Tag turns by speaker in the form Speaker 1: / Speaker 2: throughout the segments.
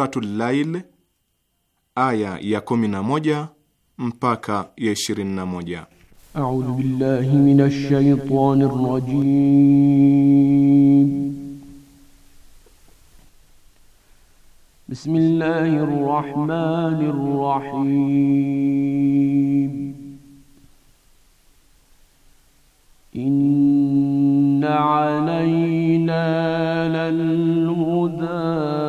Speaker 1: Suratul
Speaker 2: Lail aya ya kumi 11 mpaka ya 21.
Speaker 3: A'udhu billahi minash shaitani rrajim. Bismillahir rahmanir rahim. Inna alayna lal huda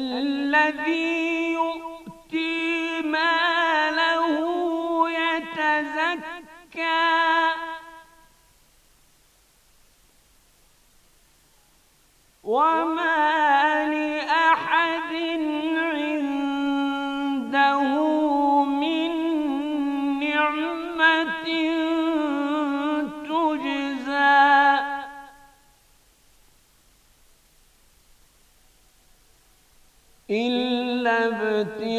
Speaker 3: الذي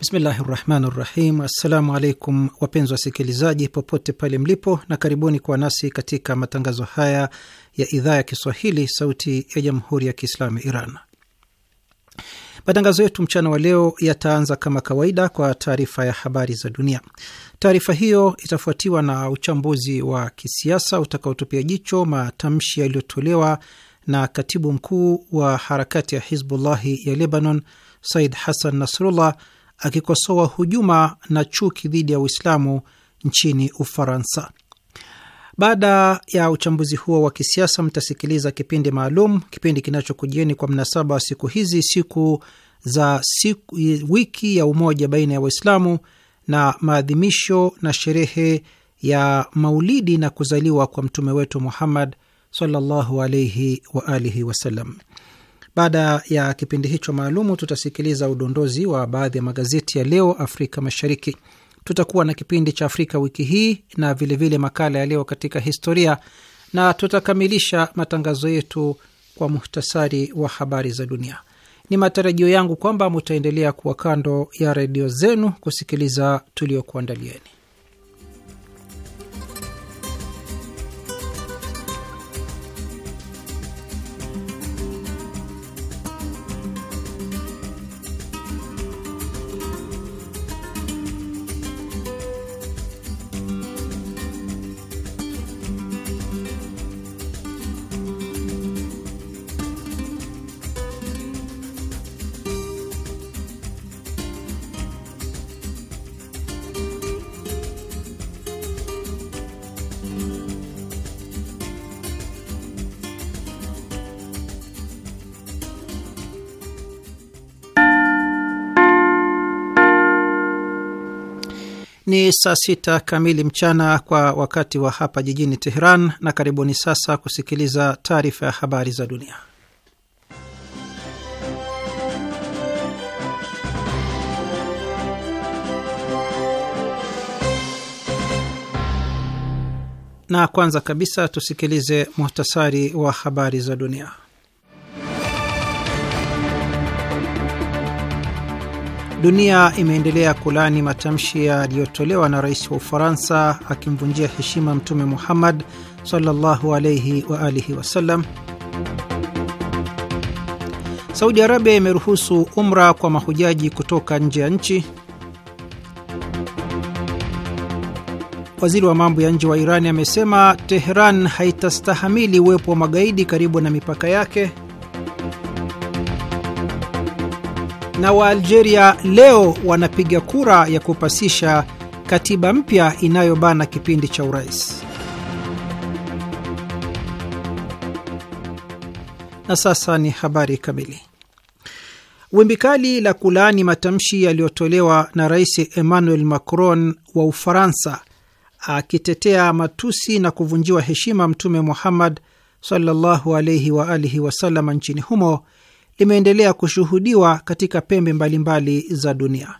Speaker 1: Bismillahi rahmani rahim. Assalamu alaikum wapenzi wasikilizaji popote pale mlipo, na karibuni kwa nasi katika matangazo haya ya idhaa ya Kiswahili sauti ya jamhuri ya Kiislamu Iran. Matangazo yetu mchana wa leo yataanza kama kawaida kwa taarifa ya habari za dunia. Taarifa hiyo itafuatiwa na uchambuzi wa kisiasa utakaotupia jicho matamshi yaliyotolewa na katibu mkuu wa harakati ya Hizbullahi ya Lebanon, Said Hassan Nasrullah akikosoa hujuma na chuki dhidi ya Uislamu nchini Ufaransa. Baada ya uchambuzi huo wa kisiasa, mtasikiliza kipindi maalum, kipindi kinachokujieni kwa mnasaba wa siku hizi, siku za siku, wiki ya umoja baina ya Waislamu na maadhimisho na sherehe ya maulidi na kuzaliwa kwa mtume wetu Muhammad sallallahu alaihi wa alihi wasallam. Baada ya kipindi hicho maalumu, tutasikiliza udondozi wa baadhi ya magazeti ya leo Afrika Mashariki. Tutakuwa na kipindi cha Afrika wiki hii na vilevile vile makala ya leo katika historia, na tutakamilisha matangazo yetu kwa muhtasari wa habari za dunia. Ni matarajio yangu kwamba mutaendelea kuwa kando ya redio zenu kusikiliza tuliokuandalieni. ni saa sita kamili mchana kwa wakati wa hapa jijini Teheran, na karibuni sasa kusikiliza taarifa ya habari za dunia. Na kwanza kabisa tusikilize muhtasari wa habari za dunia. Dunia imeendelea kulaani matamshi yaliyotolewa na rais wa Ufaransa akimvunjia heshima Mtume Muhammad sallallahu alaihi wa alihi wasallam. Saudi Arabia imeruhusu umra kwa mahujaji kutoka nje ya nchi. Waziri wa mambo ya nje wa Irani amesema Tehran haitastahamili uwepo wa magaidi karibu na mipaka yake. na Waalgeria leo wanapiga kura ya kupasisha katiba mpya inayobana kipindi cha urais. Na sasa ni habari kamili. Wimbi kali la kulaani matamshi yaliyotolewa na Rais Emmanuel Macron wa Ufaransa akitetea matusi na kuvunjiwa heshima Mtume Muhammad sallallahu alaihi wa alihi wasallam nchini humo limeendelea kushuhudiwa katika pembe mbalimbali mbali za dunia.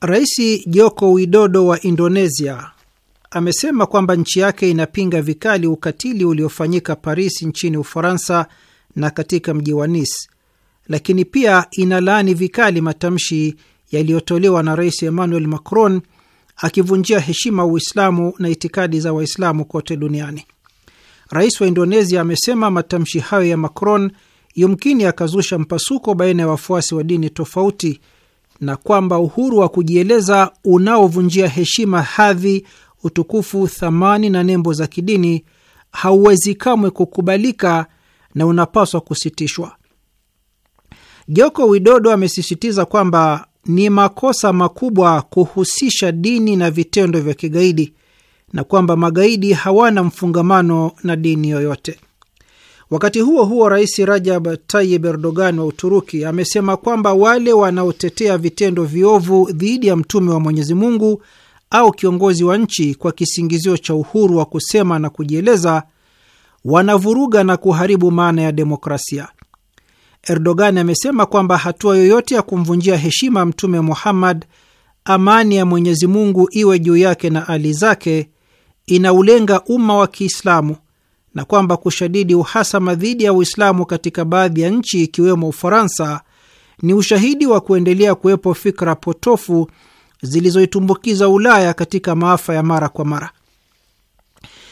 Speaker 1: Rais Joko Widodo wa Indonesia amesema kwamba nchi yake inapinga vikali ukatili uliofanyika Paris nchini Ufaransa na katika mji wa Nice, lakini pia inalaani vikali matamshi yaliyotolewa na Rais Emmanuel Macron akivunjia heshima Uislamu na itikadi za Waislamu kote duniani. Rais wa Indonesia amesema matamshi hayo ya Macron yumkini akazusha mpasuko baina ya wafuasi wa dini tofauti na kwamba uhuru wa kujieleza unaovunjia heshima hadhi, utukufu, thamani na nembo za kidini hauwezi kamwe kukubalika na unapaswa kusitishwa. Joko Widodo amesisitiza kwamba ni makosa makubwa kuhusisha dini na vitendo vya kigaidi na kwamba magaidi hawana mfungamano na dini yoyote. Wakati huo huo, Rais Rajab Tayyip Erdogan wa Uturuki amesema kwamba wale wanaotetea vitendo viovu dhidi ya mtume wa Mwenyezi Mungu au kiongozi wa nchi kwa kisingizio cha uhuru wa kusema na kujieleza wanavuruga na kuharibu maana ya demokrasia. Erdogan amesema kwamba hatua yoyote ya kumvunjia heshima Mtume Muhammad, amani ya Mwenyezi Mungu iwe juu yake na ali zake, inaulenga umma wa Kiislamu na kwamba kushadidi uhasama dhidi ya Uislamu katika baadhi ya nchi ikiwemo Ufaransa ni ushahidi wa kuendelea kuwepo fikra potofu zilizoitumbukiza Ulaya katika maafa ya mara kwa mara.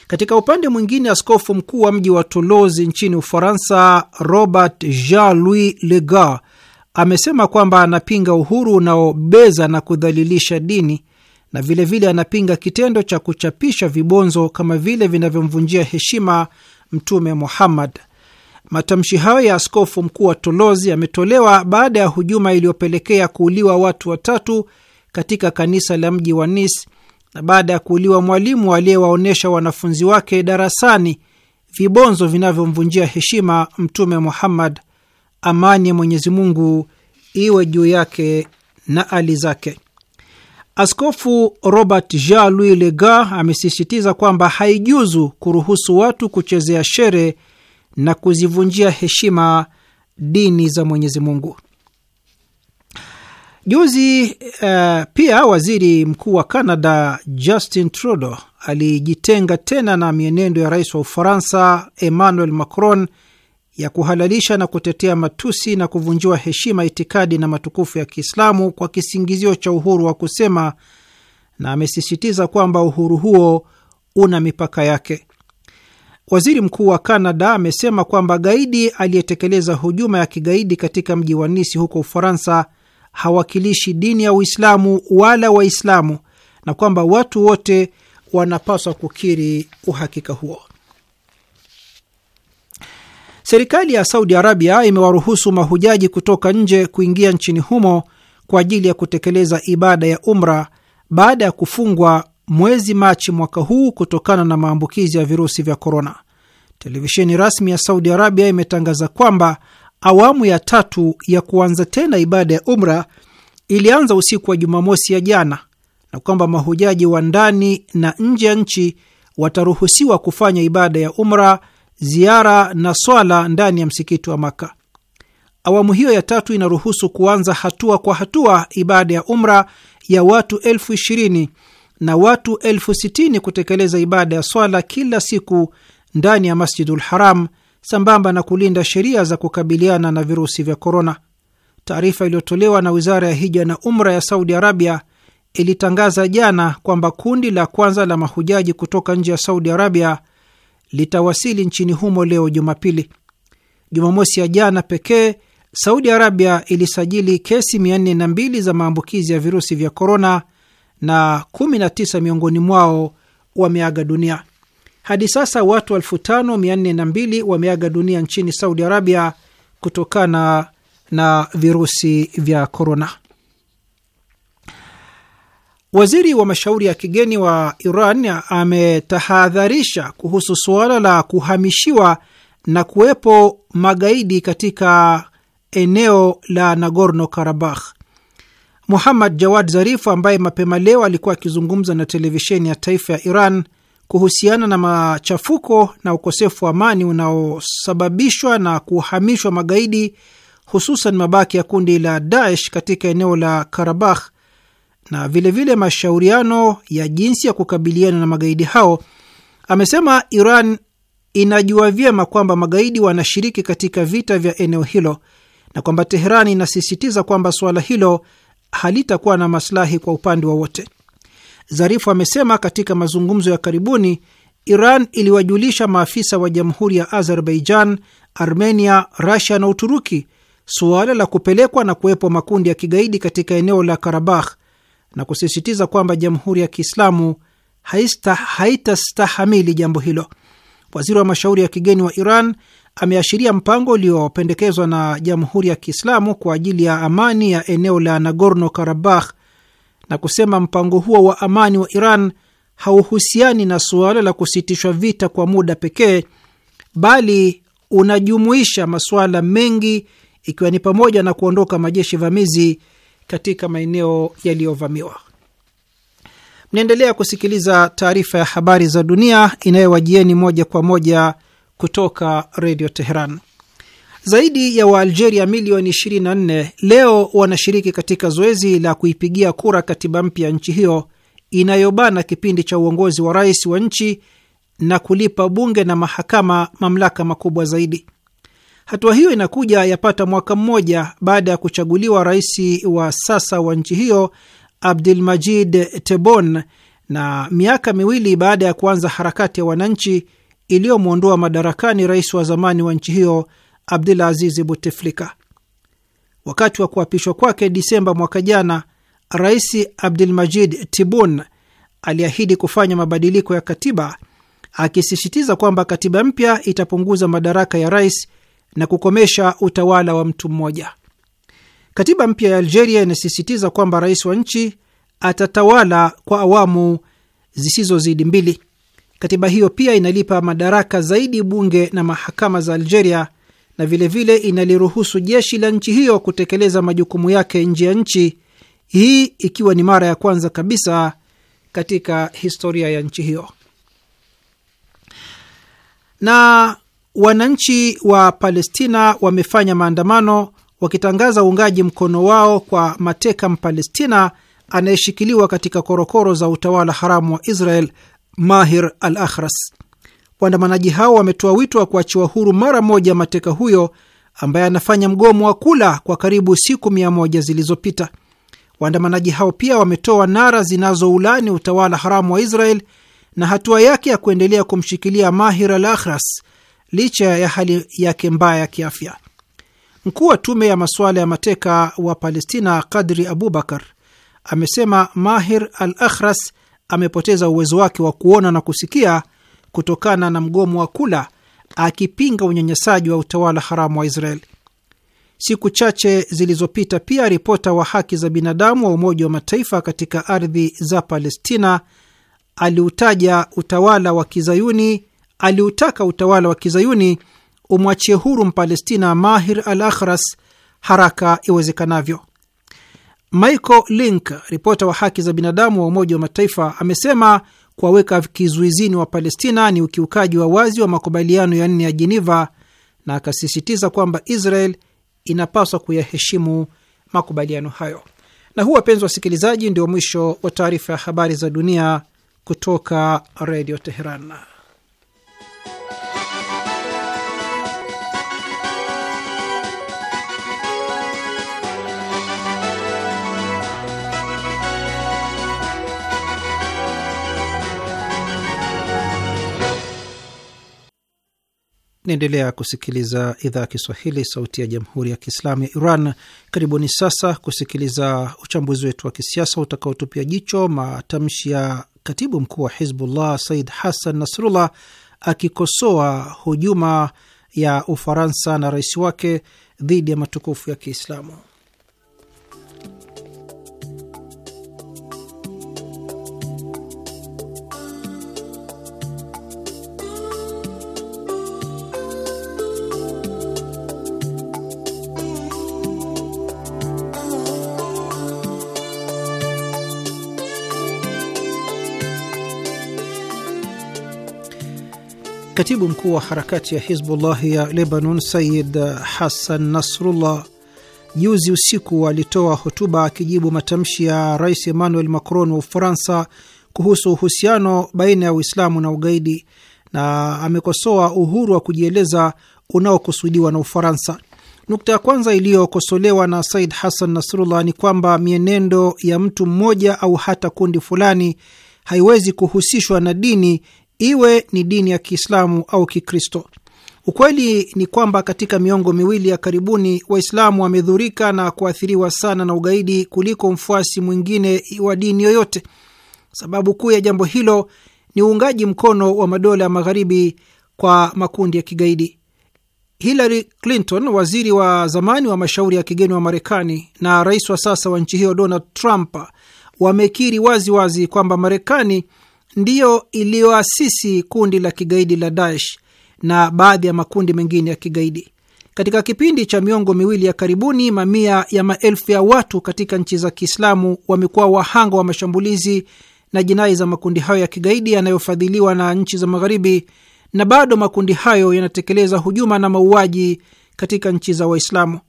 Speaker 1: Katika upande mwingine, askofu mkuu wa mji wa Toulouse nchini Ufaransa, Robert Jean Louis Legar, amesema kwamba anapinga uhuru unaobeza na kudhalilisha dini na vilevile vile anapinga kitendo cha kuchapisha vibonzo kama vile vinavyomvunjia heshima Mtume Muhammad. Matamshi hayo ya askofu mkuu wa Tolozi yametolewa baada ya hujuma iliyopelekea kuuliwa watu watatu katika kanisa la mji wa Nice na baada ya kuuliwa mwalimu aliyewaonyesha wanafunzi wake darasani vibonzo vinavyomvunjia heshima Mtume Muhammad, amani ya Mwenyezi Mungu iwe juu yake na ali zake. Askofu Robert Jean Louis Legar amesisitiza kwamba haijuzu kuruhusu watu kuchezea shere na kuzivunjia heshima dini za Mwenyezi Mungu. Juzi uh, pia waziri mkuu wa Canada Justin Trudeau alijitenga tena na mienendo ya rais wa Ufaransa Emmanuel Macron ya kuhalalisha na kutetea matusi na kuvunjiwa heshima itikadi na matukufu ya Kiislamu kwa kisingizio cha uhuru wa kusema, na amesisitiza kwamba uhuru huo una mipaka yake. Waziri mkuu wa Kanada amesema kwamba gaidi aliyetekeleza hujuma ya kigaidi katika mji wa Nisi huko Ufaransa hawakilishi dini ya Uislamu wala Waislamu na kwamba watu wote wanapaswa kukiri uhakika huo. Serikali ya Saudi Arabia imewaruhusu mahujaji kutoka nje kuingia nchini humo kwa ajili ya kutekeleza ibada ya umra baada ya kufungwa mwezi Machi mwaka huu kutokana na maambukizi ya virusi vya korona. Televisheni rasmi ya Saudi Arabia imetangaza kwamba awamu ya tatu ya kuanza tena ibada ya umra ilianza usiku wa Jumamosi ya jana na kwamba mahujaji wa ndani na nje ya nchi wataruhusiwa kufanya ibada ya umra ziara na swala ndani ya msikiti wa maka Awamu hiyo ya tatu inaruhusu kuanza hatua kwa hatua ibada ya umra ya watu elfu ishirini na watu elfu sitini kutekeleza ibada ya swala kila siku ndani ya Masjidul Haram sambamba na kulinda sheria za kukabiliana na virusi vya korona. Taarifa iliyotolewa na wizara ya hija na umra ya Saudi Arabia ilitangaza jana kwamba kundi la kwanza la mahujaji kutoka nje ya Saudi Arabia litawasili nchini humo leo Jumapili. Jumamosi ya jana pekee, Saudi Arabia ilisajili kesi 402 za maambukizi ya virusi vya korona na 19 miongoni mwao wameaga dunia. Hadi sasa watu 5402 wameaga dunia nchini Saudi Arabia kutokana na virusi vya korona. Waziri wa mashauri ya kigeni wa Iran ametahadharisha kuhusu suala la kuhamishiwa na kuwepo magaidi katika eneo la Nagorno Karabakh. Muhammad Jawad Zarif ambaye mapema leo alikuwa akizungumza na televisheni ya taifa ya Iran kuhusiana na machafuko na ukosefu wa amani unaosababishwa na kuhamishwa magaidi hususan mabaki ya kundi la Daesh katika eneo la Karabakh na vilevile vile mashauriano ya jinsi ya kukabiliana na magaidi hao, amesema Iran inajua vyema kwamba magaidi wanashiriki katika vita vya eneo hilo na kwamba Teherani inasisitiza kwamba suala hilo halitakuwa na maslahi kwa upande wowote. Zarifu amesema katika mazungumzo ya karibuni Iran iliwajulisha maafisa wa jamhuri ya Azerbaijan, Armenia, Rasia na Uturuki suala la kupelekwa na kuwepo makundi ya kigaidi katika eneo la Karabakh na kusisitiza kwamba Jamhuri ya Kiislamu haitastahamili jambo hilo. Waziri wa mashauri ya kigeni wa Iran ameashiria mpango uliopendekezwa na Jamhuri ya Kiislamu kwa ajili ya amani ya eneo la Nagorno Karabakh na kusema mpango huo wa amani wa Iran hauhusiani na suala la kusitishwa vita kwa muda pekee, bali unajumuisha masuala mengi, ikiwa ni pamoja na kuondoka majeshi vamizi katika maeneo yaliyovamiwa. Mnaendelea kusikiliza taarifa ya habari za dunia inayowajieni moja kwa moja kutoka redio Teheran. Zaidi ya Waalgeria milioni 24 leo wanashiriki katika zoezi la kuipigia kura katiba mpya nchi hiyo inayobana kipindi cha uongozi wa rais wa nchi na kulipa bunge na mahakama mamlaka makubwa zaidi. Hatua hiyo inakuja yapata mwaka mmoja baada ya kuchaguliwa rais wa sasa wa nchi hiyo Abdelmajid Tebboune na miaka miwili baada ya kuanza harakati ya wananchi iliyomwondoa madarakani rais wa zamani wa nchi hiyo abdul aziz buteflika Wakati wa kuapishwa kwake Disemba mwaka jana, Rais abdul majid Tibun aliahidi kufanya mabadiliko ya katiba, akisisitiza kwamba katiba mpya itapunguza madaraka ya rais na kukomesha utawala wa mtu mmoja. Katiba mpya ya Algeria inasisitiza kwamba rais wa nchi atatawala kwa awamu zisizozidi mbili. Katiba hiyo pia inalipa madaraka zaidi bunge na mahakama za Algeria na vilevile vile inaliruhusu jeshi la nchi hiyo kutekeleza majukumu yake nje ya nchi, hii ikiwa ni mara ya kwanza kabisa katika historia ya nchi hiyo. Na Wananchi wa Palestina wamefanya maandamano wakitangaza uungaji mkono wao kwa mateka Mpalestina anayeshikiliwa katika korokoro za utawala haramu wa Israel, Mahir al Akhras. Waandamanaji hao wametoa wito wa kuachiwa huru mara moja mateka huyo ambaye anafanya mgomo wa kula kwa karibu siku mia moja zilizopita. Waandamanaji hao pia wametoa nara zinazoulani utawala haramu wa Israel na hatua yake ya kuendelea kumshikilia Mahir al Akhras licha ya hali yake mbaya ya kiafya. Mkuu wa tume ya masuala ya mateka wa Palestina Kadri Abubakar amesema Mahir Al Akhras amepoteza uwezo wake wa kuona na kusikia kutokana na mgomo wa kula, akipinga unyanyasaji wa utawala haramu wa Israeli. Siku chache zilizopita pia ripota wa haki za binadamu wa Umoja wa Mataifa katika ardhi za Palestina aliutaja utawala wa kizayuni aliutaka utawala wa kizayuni umwachie huru Mpalestina Mahir al Akhras haraka iwezekanavyo. Michael Link, ripota wa haki za binadamu wa Umoja wa Mataifa, amesema kuwaweka kizuizini wa Palestina ni ukiukaji wa wazi wa makubaliano ya nne ya Jeneva, na akasisitiza kwamba Israel inapaswa kuyaheshimu makubaliano hayo. Na huu, wapenzi wasikilizaji, ndio mwisho wa taarifa ya habari za dunia kutoka Redio Teheran. Naendelea kusikiliza idhaa ya Kiswahili, sauti ya jamhuri ya kiislamu ya Iran. Karibuni sasa kusikiliza uchambuzi wetu wa kisiasa utakaotupia jicho matamshi ya katibu mkuu wa Hizbullah Said Hassan Nasrullah akikosoa hujuma ya Ufaransa na rais wake dhidi ya matukufu ya Kiislamu. Katibu mkuu wa harakati ya Hizbullah ya Lebanon, Sayid Hassan Nasrullah, juzi usiku alitoa hotuba akijibu matamshi ya Rais Emmanuel Macron wa Ufaransa kuhusu uhusiano baina ya Uislamu na ugaidi, na amekosoa uhuru wa kujieleza unaokusudiwa na Ufaransa. Nukta ya kwanza iliyokosolewa na Said Hassan Nasrullah ni kwamba mienendo ya mtu mmoja au hata kundi fulani haiwezi kuhusishwa na dini iwe ni dini ya Kiislamu au Kikristo. Ukweli ni kwamba katika miongo miwili ya karibuni Waislamu wamedhurika na kuathiriwa sana na ugaidi kuliko mfuasi mwingine wa dini yoyote. Sababu kuu ya jambo hilo ni uungaji mkono wa madola ya magharibi kwa makundi ya kigaidi. Hillary Clinton, waziri wa zamani wa mashauri ya kigeni wa Marekani, na rais wa sasa wa nchi hiyo Donald Trump wamekiri waziwazi kwamba Marekani ndiyo iliyoasisi kundi la kigaidi la Daesh na baadhi ya makundi mengine ya kigaidi. Katika kipindi cha miongo miwili ya karibuni, mamia ya maelfu ya watu katika nchi za Kiislamu wamekuwa wahanga wa mashambulizi na jinai za makundi hayo ya kigaidi yanayofadhiliwa na nchi za Magharibi, na bado makundi hayo yanatekeleza hujuma na mauaji katika nchi za Waislamu.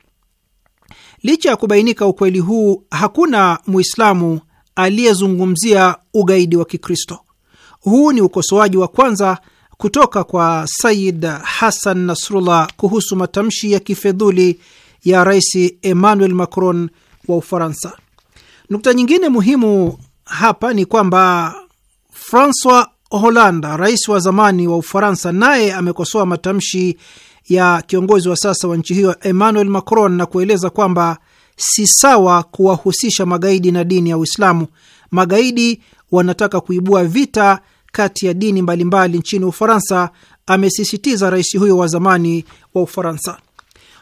Speaker 1: Licha ya kubainika ukweli huu, hakuna Muislamu aliyezungumzia ugaidi wa Kikristo. Huu ni ukosoaji wa kwanza kutoka kwa Sayid Hassan Nasrullah kuhusu matamshi ya kifedhuli ya Rais Emmanuel Macron wa Ufaransa. Nukta nyingine muhimu hapa ni kwamba Francois Hollande, rais wa zamani wa Ufaransa, naye amekosoa matamshi ya kiongozi wa sasa wa nchi hiyo Emmanuel Macron na kueleza kwamba si sawa kuwahusisha magaidi na dini ya Uislamu. Magaidi wanataka kuibua vita kati ya dini mbalimbali mbali nchini Ufaransa, amesisitiza rais huyo wa zamani wa Ufaransa.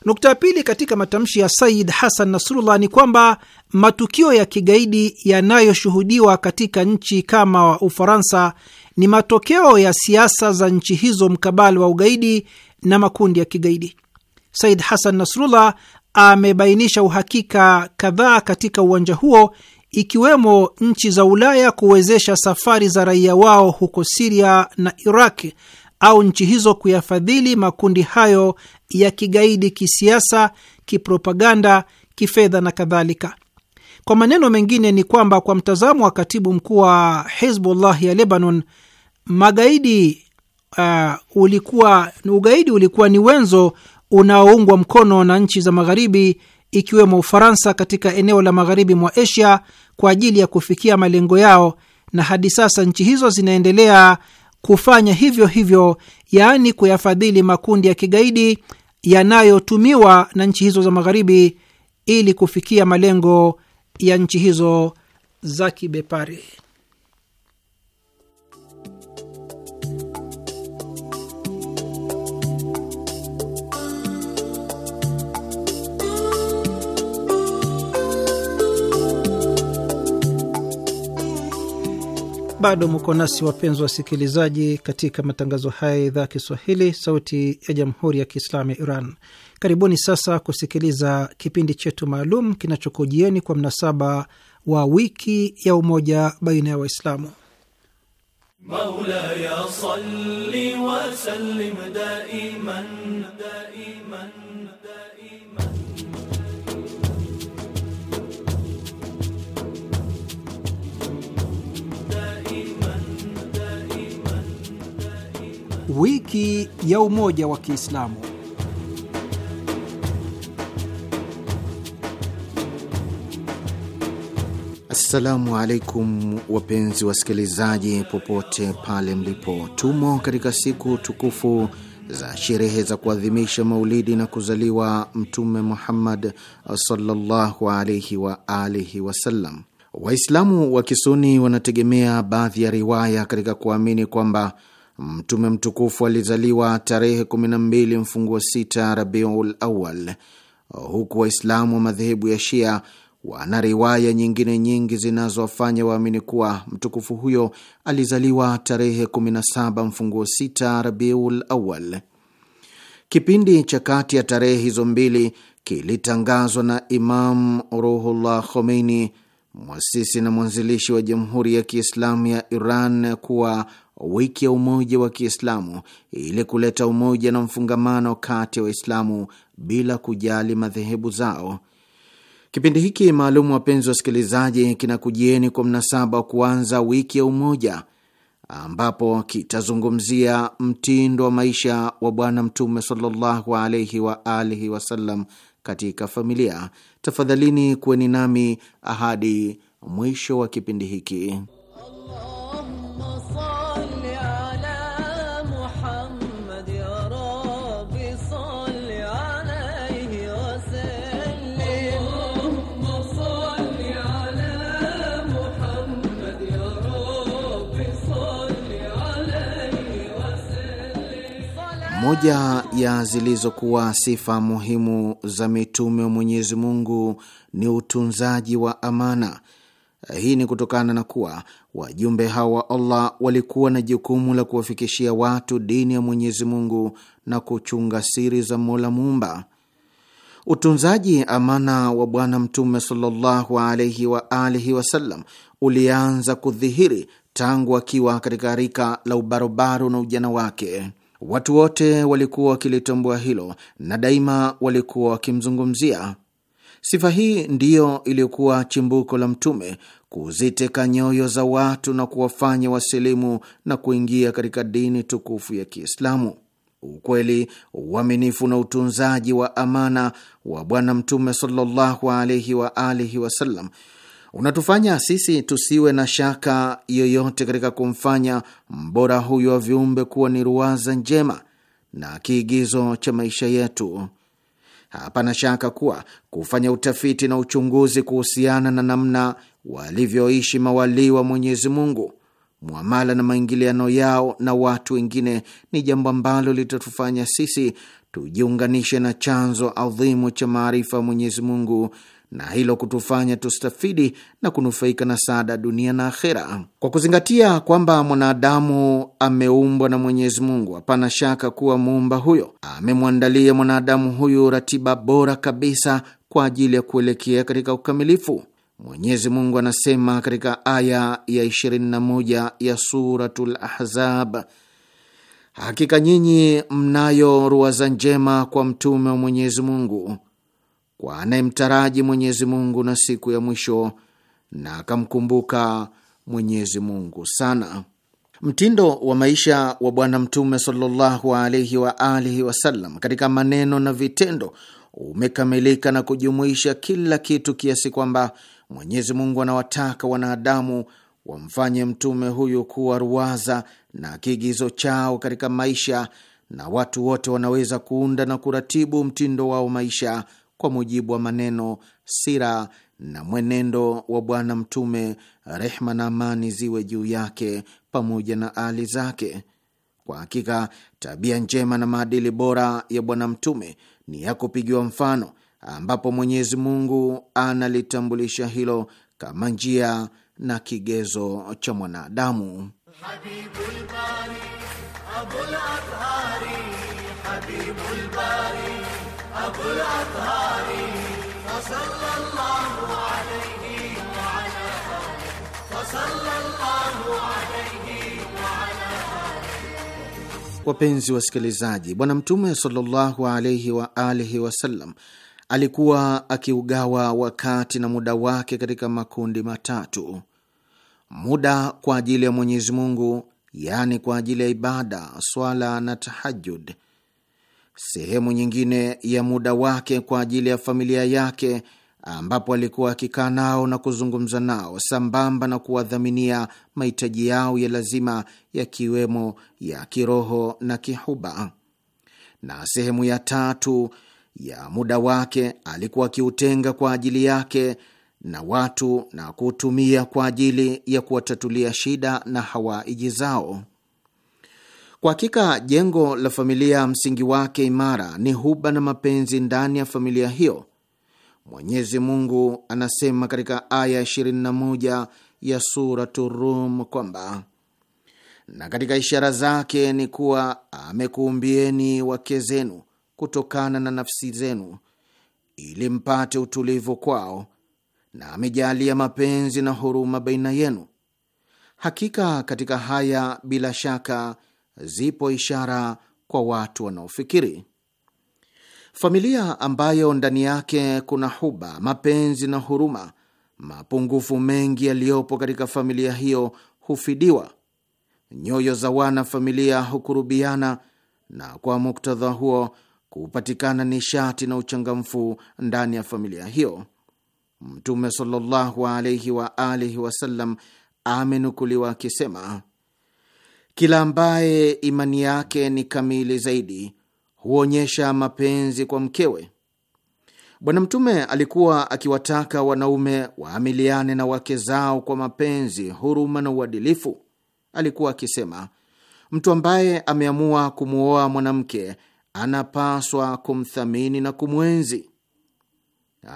Speaker 1: Nukta ya pili katika matamshi ya Said Hassan Nasrullah ni kwamba matukio ya kigaidi yanayoshuhudiwa katika nchi kama Ufaransa ni matokeo ya siasa za nchi hizo mkabala wa ugaidi na makundi ya kigaidi. Said Hassan Nasrullah amebainisha uhakika kadhaa katika uwanja huo ikiwemo nchi za Ulaya kuwezesha safari za raia wao huko Siria na iraq au nchi hizo kuyafadhili makundi hayo ya kigaidi kisiasa, kipropaganda, kifedha na kadhalika. Kwa maneno mengine ni kwamba kwa mtazamo wa katibu mkuu wa Hizbullah ya Lebanon, magaidi uh, ulikuwa, ugaidi ulikuwa ni wenzo unaoungwa mkono na nchi za Magharibi ikiwemo Ufaransa katika eneo la magharibi mwa Asia kwa ajili ya kufikia malengo yao, na hadi sasa nchi hizo zinaendelea kufanya hivyo hivyo, yaani kuyafadhili makundi ya kigaidi yanayotumiwa na nchi hizo za magharibi ili kufikia malengo ya nchi hizo za kibepari. Bado mko nasi wapenzi wasikilizaji, katika matangazo haya ya idhaa Kiswahili sauti ya jamhuri ya kiislamu ya Iran. Karibuni sasa kusikiliza kipindi chetu maalum kinachokujieni kwa mnasaba wa wiki ya umoja baina ya Waislamu. Wiki ya Umoja wa Kiislamu.
Speaker 4: Assalamu alaikum wapenzi wasikilizaji, popote pale mlipo, tumo katika siku tukufu za sherehe za kuadhimisha maulidi na kuzaliwa Mtume Muhammad sallallahu alaihi wa alihi wasallam. Waislamu wa Kisuni wanategemea baadhi ya riwaya katika kuamini kwamba Mtume mtukufu alizaliwa tarehe 12 mfunguo 6 Rabiul Awal, huku Waislamu wa madhehebu ya Shia wana riwaya nyingine nyingi zinazowafanya waamini kuwa mtukufu huyo alizaliwa tarehe 17 mfunguo 6 Rabiul Awal. Kipindi cha kati ya tarehe hizo mbili kilitangazwa na Imam Ruhullah Khomeini, mwasisi na mwanzilishi wa Jamhuri ya Kiislamu ya Iran, kuwa wiki ya umoja wa Kiislamu ili kuleta umoja na mfungamano kati ya wa Waislamu bila kujali madhehebu zao. Kipindi hiki maalum, wapenzi wa wasikilizaji, kinakujieni kwa mnasaba wa kuanza wiki ya umoja, ambapo kitazungumzia mtindo wa maisha wa Bwana Mtume sallallahu alaihi wa alihi wasallam katika familia. Tafadhalini kuweni nami ahadi mwisho wa kipindi hiki. Moja ya zilizokuwa sifa muhimu za mitume wa Mwenyezi Mungu ni utunzaji wa amana. Hii ni kutokana na kuwa wajumbe hawa wa Allah walikuwa na jukumu la kuwafikishia watu dini ya Mwenyezi Mungu na kuchunga siri za Mola Muumba. Utunzaji amana wa Bwana Mtume sallallahu alaihi wa alihi wasallam ulianza kudhihiri tangu akiwa katika rika la ubarubaru na ujana wake. Watu wote walikuwa wakilitambua hilo na daima walikuwa wakimzungumzia. Sifa hii ndiyo iliyokuwa chimbuko la Mtume kuziteka nyoyo za watu na kuwafanya wasilimu na kuingia katika dini tukufu ya Kiislamu. Ukweli, uaminifu na utunzaji wa amana wa Bwana Mtume sallallahu alaihi wa alihi wasallam unatufanya sisi tusiwe na shaka yoyote katika kumfanya mbora huyu wa viumbe kuwa ni ruwaza njema na kiigizo cha maisha yetu. Hapana shaka kuwa kufanya utafiti na uchunguzi kuhusiana na namna walivyoishi mawalii wa Mwenyezi Mungu, mwamala na maingiliano yao na watu wengine, ni jambo ambalo litatufanya sisi tujiunganishe na chanzo adhimu cha maarifa ya Mwenyezi Mungu na hilo kutufanya tustafidi na kunufaika na saada dunia na akhera. Kwa kuzingatia kwamba mwanadamu ameumbwa na Mwenyezi Mungu, hapana shaka kuwa muumba huyo amemwandalia mwanadamu huyu ratiba bora kabisa kwa ajili ya kuelekea katika ukamilifu. Mwenyezi Mungu anasema katika aya ya 21 ya Suratul Ahzab, hakika nyinyi mnayo ruwaza njema kwa mtume wa Mwenyezi Mungu kwa anayemtaraji Mwenyezi Mungu na siku ya mwisho na akamkumbuka Mwenyezi Mungu sana. Mtindo wa maisha wa Bwana Mtume sallallahu alaihi wa alihi wasallam katika maneno na vitendo umekamilika na kujumuisha kila kitu kiasi kwamba Mwenyezi Mungu anawataka wanadamu wamfanye mtume huyu kuwa ruwaza na kiigizo chao katika maisha, na watu wote wanaweza kuunda na kuratibu mtindo wao maisha kwa mujibu wa maneno, sira na mwenendo wa Bwana Mtume, rehma na amani ziwe juu yake pamoja na ali zake. Kwa hakika tabia njema na maadili bora ya Bwana Mtume ni ya kupigiwa mfano, ambapo Mwenyezi Mungu analitambulisha hilo kama njia na kigezo cha mwanadamu. Habibul Bari, Abul
Speaker 5: Habibul Bari. أبو الأطهار فصلى الله عليه وعلى فصلى الله عليه
Speaker 4: Wapenzi wasikilizaji, Bwana Mtume sallallahu alaihi wa alihi wasallam alikuwa akiugawa wakati na muda wake katika makundi matatu: muda kwa ajili ya Mwenyezi Mungu, yaani kwa ajili ya ibada, swala na tahajud sehemu nyingine ya muda wake kwa ajili ya familia yake, ambapo alikuwa akikaa nao na kuzungumza nao sambamba na kuwadhaminia mahitaji yao ya lazima, yakiwemo ya kiroho na kihuba. Na sehemu ya tatu ya muda wake alikuwa akiutenga kwa ajili yake na watu na kuutumia kwa ajili ya kuwatatulia shida na hawaiji zao. Kwa hakika jengo la familia msingi wake imara ni huba na mapenzi ndani ya familia hiyo. Mwenyezi Mungu anasema katika aya 21 ya Suratu Rum kwamba na katika ishara zake ni kuwa amekuumbieni wake zenu kutokana na nafsi zenu ili mpate utulivu kwao, na amejalia mapenzi na huruma baina yenu. Hakika katika haya bila shaka zipo ishara kwa watu wanaofikiri. Familia ambayo ndani yake kuna huba, mapenzi na huruma, mapungufu mengi yaliyopo katika familia hiyo hufidiwa, nyoyo za wana familia hukurubiana, na kwa muktadha huo kupatikana nishati na uchangamfu ndani ya familia hiyo. Mtume sallallahu alaihi wa alihi wasallam amenukuliwa akisema kila ambaye imani yake ni kamili zaidi huonyesha mapenzi kwa mkewe. Bwana Mtume alikuwa akiwataka wanaume waamiliane na wake zao kwa mapenzi, huruma na uadilifu. Alikuwa akisema, mtu ambaye ameamua kumwoa mwanamke anapaswa kumthamini na kumwenzi.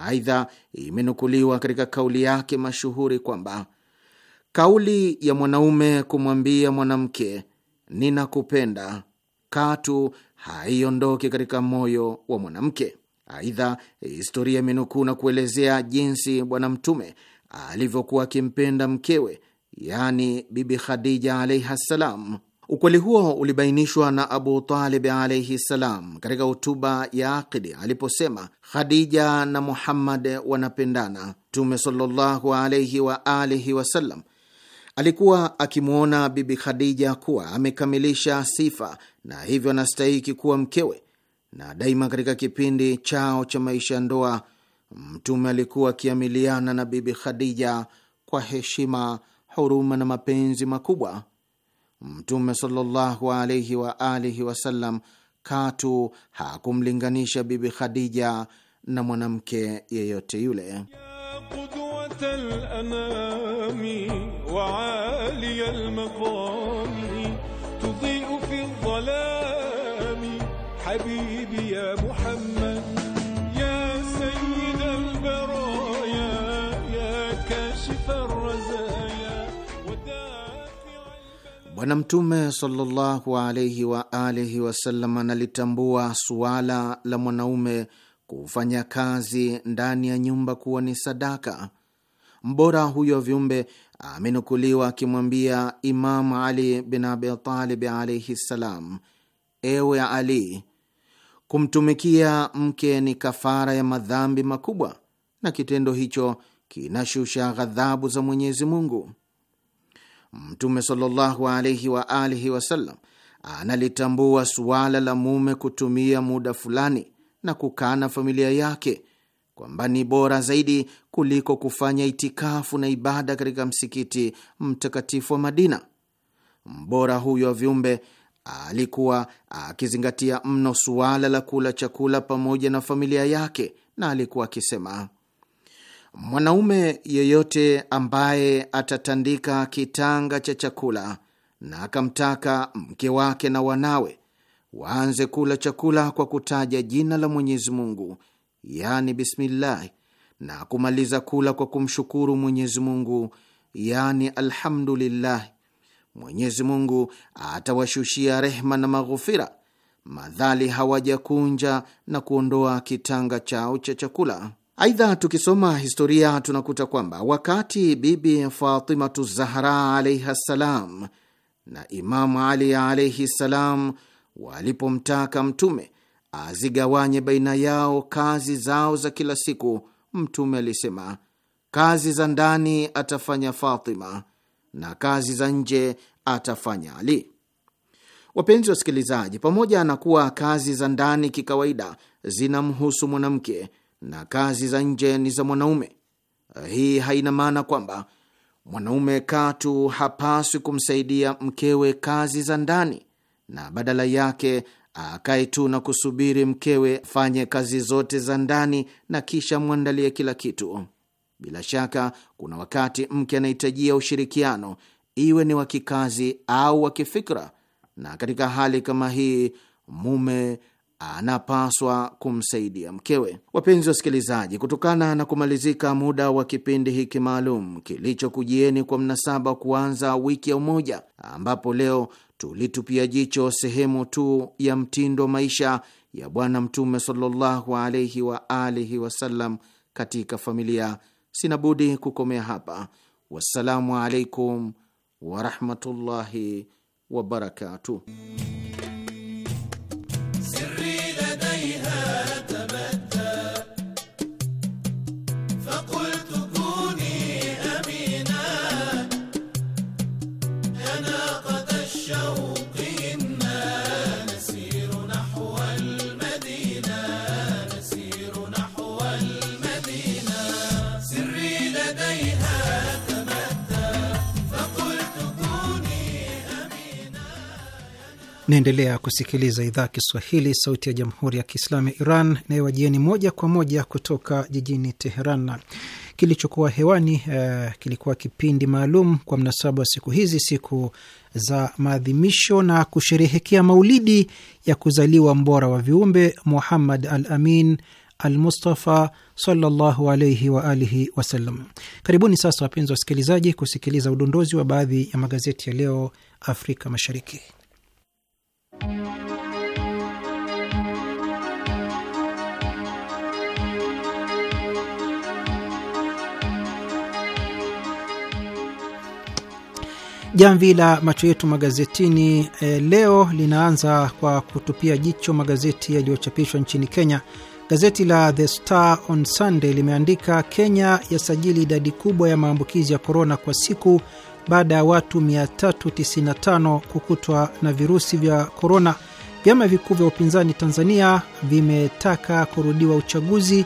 Speaker 4: Aidha, imenukuliwa katika kauli yake mashuhuri kwamba Kauli ya mwanaume kumwambia mwanamke ninakupenda katu haiondoki katika moyo wa mwanamke. Aidha, historia imenukuu na kuelezea jinsi Bwana Mtume alivyokuwa akimpenda mkewe, yaani Bibi Khadija alaihi ssalam. Ukweli huo ulibainishwa na Abu Talib alaihi ssalam katika hotuba ya Aqidi aliposema, Khadija na Muhammad wanapendana. Mtume sallallahu alaihi waalihi wasallam Alikuwa akimwona Bibi Khadija kuwa amekamilisha sifa na hivyo anastahiki kuwa mkewe, na daima katika kipindi chao cha maisha ya ndoa Mtume alikuwa akiamiliana na Bibi Khadija kwa heshima, huruma na mapenzi makubwa. Mtume sallallahu alaihi wa alihi wasallam katu hakumlinganisha Bibi Khadija na mwanamke yeyote yule.
Speaker 5: رحمة الأنام
Speaker 3: وعالي المقام تضيء في الظلام حبيبي يا محمد يا سيد البرايا يا كاشف الرزايا
Speaker 4: Bwana Mtume sallallahu alaihi wa alihi wasallam analitambua suala la mwanaume kufanya kazi ndani ya nyumba kuwa ni sadaka. Mbora huyo viumbe amenukuliwa akimwambia Imamu Ali bin Abi Talib alaihi ssalam, ewe Ali, kumtumikia mke ni kafara ya madhambi makubwa na kitendo hicho kinashusha ghadhabu za Mwenyezi Mungu. Mtume sallallahu alaihi wa alihi wasallam analitambua suala la mume kutumia muda fulani na kukaa na familia yake kwamba ni bora zaidi kuliko kufanya itikafu na ibada katika msikiti mtakatifu wa Madina. Mbora huyo wa viumbe alikuwa akizingatia mno suala la kula chakula pamoja na familia yake, na alikuwa akisema, mwanaume yeyote ambaye atatandika kitanga cha chakula na akamtaka mke wake na wanawe waanze kula chakula kwa kutaja jina la Mwenyezi Mungu yani bismillahi, na kumaliza kula kwa kumshukuru Mwenyezi Mungu yani alhamdulillah. Mwenyezi Mungu atawashushia rehma na maghufira madhali hawajakunja na kuondoa kitanga chao cha chakula. Aidha, tukisoma historia tunakuta kwamba wakati Bibi Fatimatu Zahra alaihi ssalam na Imamu Ali alaihi ssalam walipomtaka Mtume azigawanye baina yao kazi zao za kila siku. Mtume alisema, kazi za ndani atafanya Fatima na kazi za nje atafanya Ali. Wapenzi wasikilizaji, pamoja na kuwa kazi za ndani kikawaida zinamhusu mwanamke na kazi za nje ni za mwanaume, hii haina maana kwamba mwanaume katu hapaswi kumsaidia mkewe kazi za ndani, na badala yake akae tu na kusubiri mkewe afanye kazi zote za ndani na kisha mwandalie kila kitu. Bila shaka kuna wakati mke anahitajia ushirikiano, iwe ni wa kikazi au wa kifikra, na katika hali kama hii mume anapaswa kumsaidia mkewe. Wapenzi wasikilizaji, kutokana na kumalizika muda wa kipindi hiki maalum kilichokujieni kwa mnasaba wa kuanza wiki ya Umoja, ambapo leo tulitupia jicho sehemu tu ya mtindo maisha ya Bwana Mtume sallallahu alaihi wa alihi wasallam katika familia. Sina budi kukomea hapa. Wassalamu alaikum warahmatullahi wabarakatuh.
Speaker 1: Naendelea kusikiliza idhaa ya Kiswahili, sauti ya jamhuri ya kiislamu ya Iran inayowajieni moja kwa moja kutoka jijini Teheran. Kilichokuwa hewani uh, kilikuwa kipindi maalum kwa mnasaba wa siku hizi, siku za maadhimisho na kusherehekea maulidi ya kuzaliwa mbora wa viumbe Muhammad al Amin al Mustafa sallallahu alaihi wa alihi wasallam. Karibuni sasa, wapenzi wasikilizaji, kusikiliza udondozi wa baadhi ya magazeti ya leo Afrika Mashariki. Jamvi la macho yetu magazetini e, leo linaanza kwa kutupia jicho magazeti yaliyochapishwa nchini Kenya. Gazeti la The Star on Sunday limeandika Kenya yasajili idadi kubwa ya maambukizi ya korona kwa siku baada ya watu 395 kukutwa na virusi vya korona. Vyama vikuu vya upinzani Tanzania vimetaka kurudiwa uchaguzi.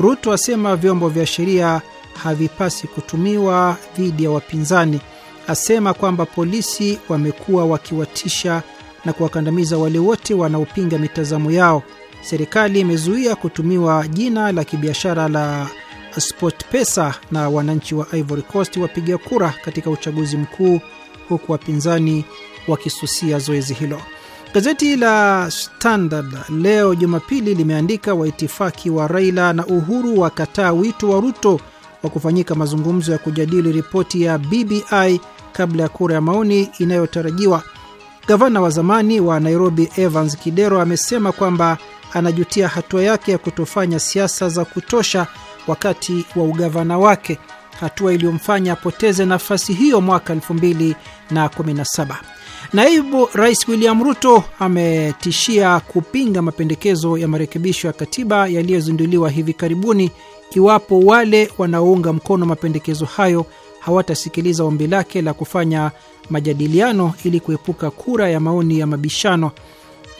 Speaker 1: Ruto asema vyombo vya sheria havipasi kutumiwa dhidi ya wapinzani. Asema kwamba polisi wamekuwa wakiwatisha na kuwakandamiza wale wote wanaopinga mitazamo yao. Serikali imezuia kutumiwa jina la kibiashara la Pesa na wananchi wa Ivory Coast wapiga kura katika uchaguzi mkuu huku wapinzani wakisusia zoezi hilo. Gazeti la Standard leo Jumapili limeandika waitifaki wa Raila na Uhuru wakataa wito wa Ruto wa kufanyika mazungumzo ya kujadili ripoti ya BBI kabla ya kura ya maoni inayotarajiwa. Gavana wa zamani wa Nairobi Evans Kidero amesema kwamba anajutia hatua yake ya kutofanya siasa za kutosha wakati wa ugavana wake, hatua iliyomfanya apoteze nafasi hiyo mwaka 2017. Naibu Rais William Ruto ametishia kupinga mapendekezo ya marekebisho ya katiba yaliyozinduliwa hivi karibuni iwapo wale wanaounga mkono mapendekezo hayo hawatasikiliza ombi lake la kufanya majadiliano ili kuepuka kura ya maoni ya mabishano.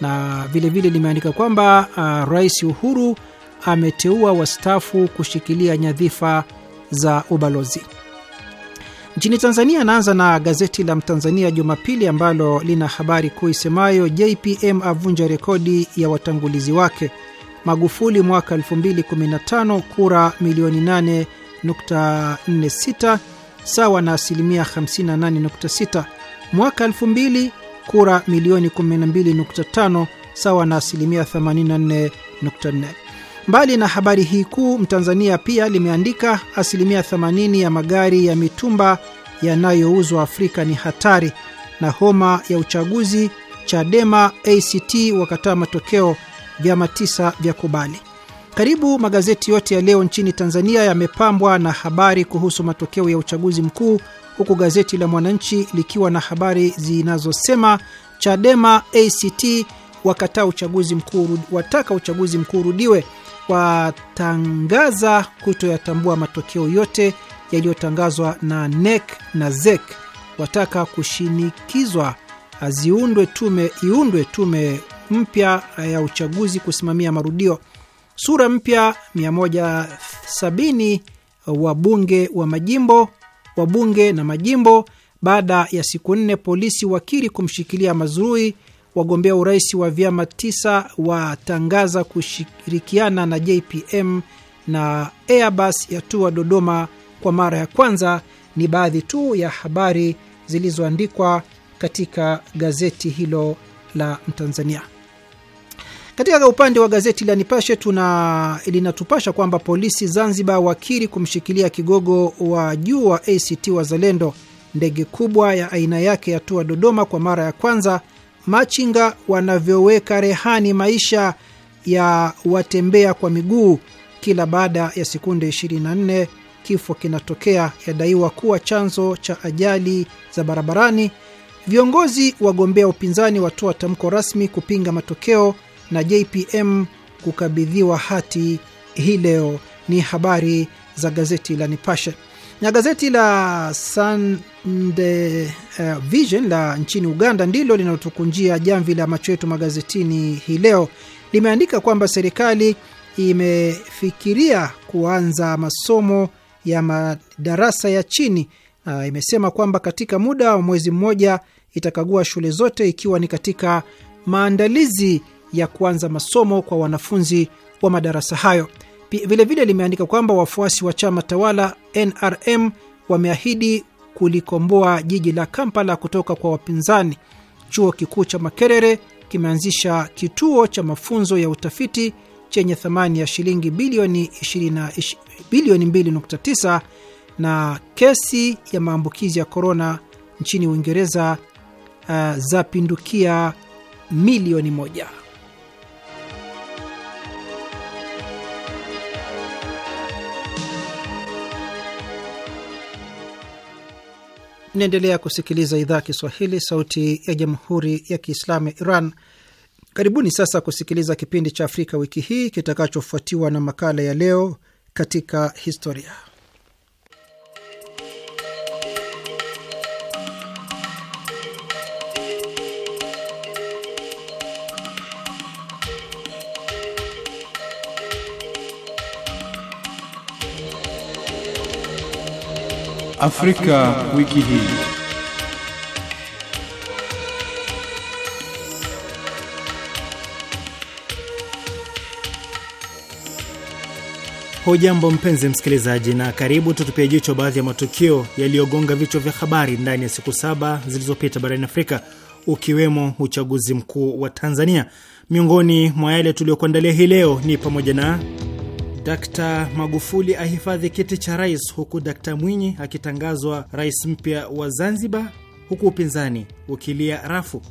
Speaker 1: Na vilevile limeandika kwamba uh, Rais Uhuru ameteua wastaafu kushikilia nyadhifa za ubalozi nchini Tanzania. Anaanza na gazeti la Mtanzania Jumapili ambalo lina habari kuu isemayo JPM avunja rekodi ya watangulizi wake, Magufuli mwaka 2015 kura milioni 8.46 sawa na asilimia 58.6, mwaka 2000 kura milioni 12.5 sawa na asilimia 84.4. Mbali na habari hii kuu, Mtanzania pia limeandika asilimia 80 ya magari ya mitumba yanayouzwa Afrika ni hatari, na homa ya uchaguzi, Chadema ACT wakataa matokeo, vyama tisa vya kubali. Karibu magazeti yote ya leo nchini Tanzania yamepambwa na habari kuhusu matokeo ya uchaguzi mkuu, huku gazeti la Mwananchi likiwa na habari zinazosema Chadema ACT wakataa uchaguzi mkuu, wataka uchaguzi mkuu urudiwe watangaza kutoyatambua matokeo yote yaliyotangazwa na NEC na ZEC, wataka kushinikizwa aziundwe tume iundwe tume mpya ya uchaguzi kusimamia marudio. Sura mpya 170 wabunge wa majimbo wabunge na majimbo. Baada ya siku nne polisi wakiri kumshikilia Mazrui Wagombea urais wa vyama tisa watangaza kushirikiana na JPM na Airbus yatua Dodoma kwa mara ya kwanza. Ni baadhi tu ya habari zilizoandikwa katika gazeti hilo la Mtanzania. Katika upande wa gazeti la Nipashe tuna linatupasha kwamba polisi Zanzibar wakiri kumshikilia kigogo wa juu wa ACT Wazalendo. Ndege kubwa ya aina yake yatua Dodoma kwa mara ya kwanza machinga wanavyoweka rehani maisha ya watembea kwa miguu. Kila baada ya sekunde 24 kifo kinatokea, yadaiwa kuwa chanzo cha ajali za barabarani. Viongozi wagombea upinzani watoa tamko rasmi kupinga matokeo na JPM kukabidhiwa hati hii leo. Ni habari za gazeti la Nipashe. Na gazeti la Sunday uh, Vision la nchini Uganda ndilo linalotukunjia jamvi la macho yetu magazetini hii leo. Limeandika kwamba serikali imefikiria kuanza masomo ya madarasa ya chini. Uh, imesema kwamba katika muda wa mwezi mmoja itakagua shule zote ikiwa ni katika maandalizi ya kuanza masomo kwa wanafunzi wa madarasa hayo. Vilevile limeandika kwamba wafuasi wa chama tawala NRM wameahidi kulikomboa jiji la Kampala kutoka kwa wapinzani. Chuo kikuu cha Makerere kimeanzisha kituo cha mafunzo ya utafiti chenye thamani ya shilingi bilioni 20, bilioni 2.9 na kesi ya maambukizi ya korona nchini Uingereza uh, zapindukia milioni moja. Mnaendelea kusikiliza idhaa ya Kiswahili, sauti ya jamhuri ya kiislamu ya Iran. Karibuni sasa kusikiliza kipindi cha Afrika wiki hii kitakachofuatiwa na makala ya leo katika historia. Afrika
Speaker 2: wiki hii. Hujambo mpenzi msikilizaji, na karibu tutupia jicho baadhi ya matukio yaliyogonga vichwa vya habari ndani ya siku saba zilizopita barani Afrika, ukiwemo uchaguzi mkuu wa Tanzania. Miongoni mwa yale tuliyokuandalia hii leo ni pamoja na Dkt Magufuli ahifadhi kiti cha rais, huku Dkt Mwinyi akitangazwa rais mpya wa Zanzibar, huku upinzani ukilia rafu.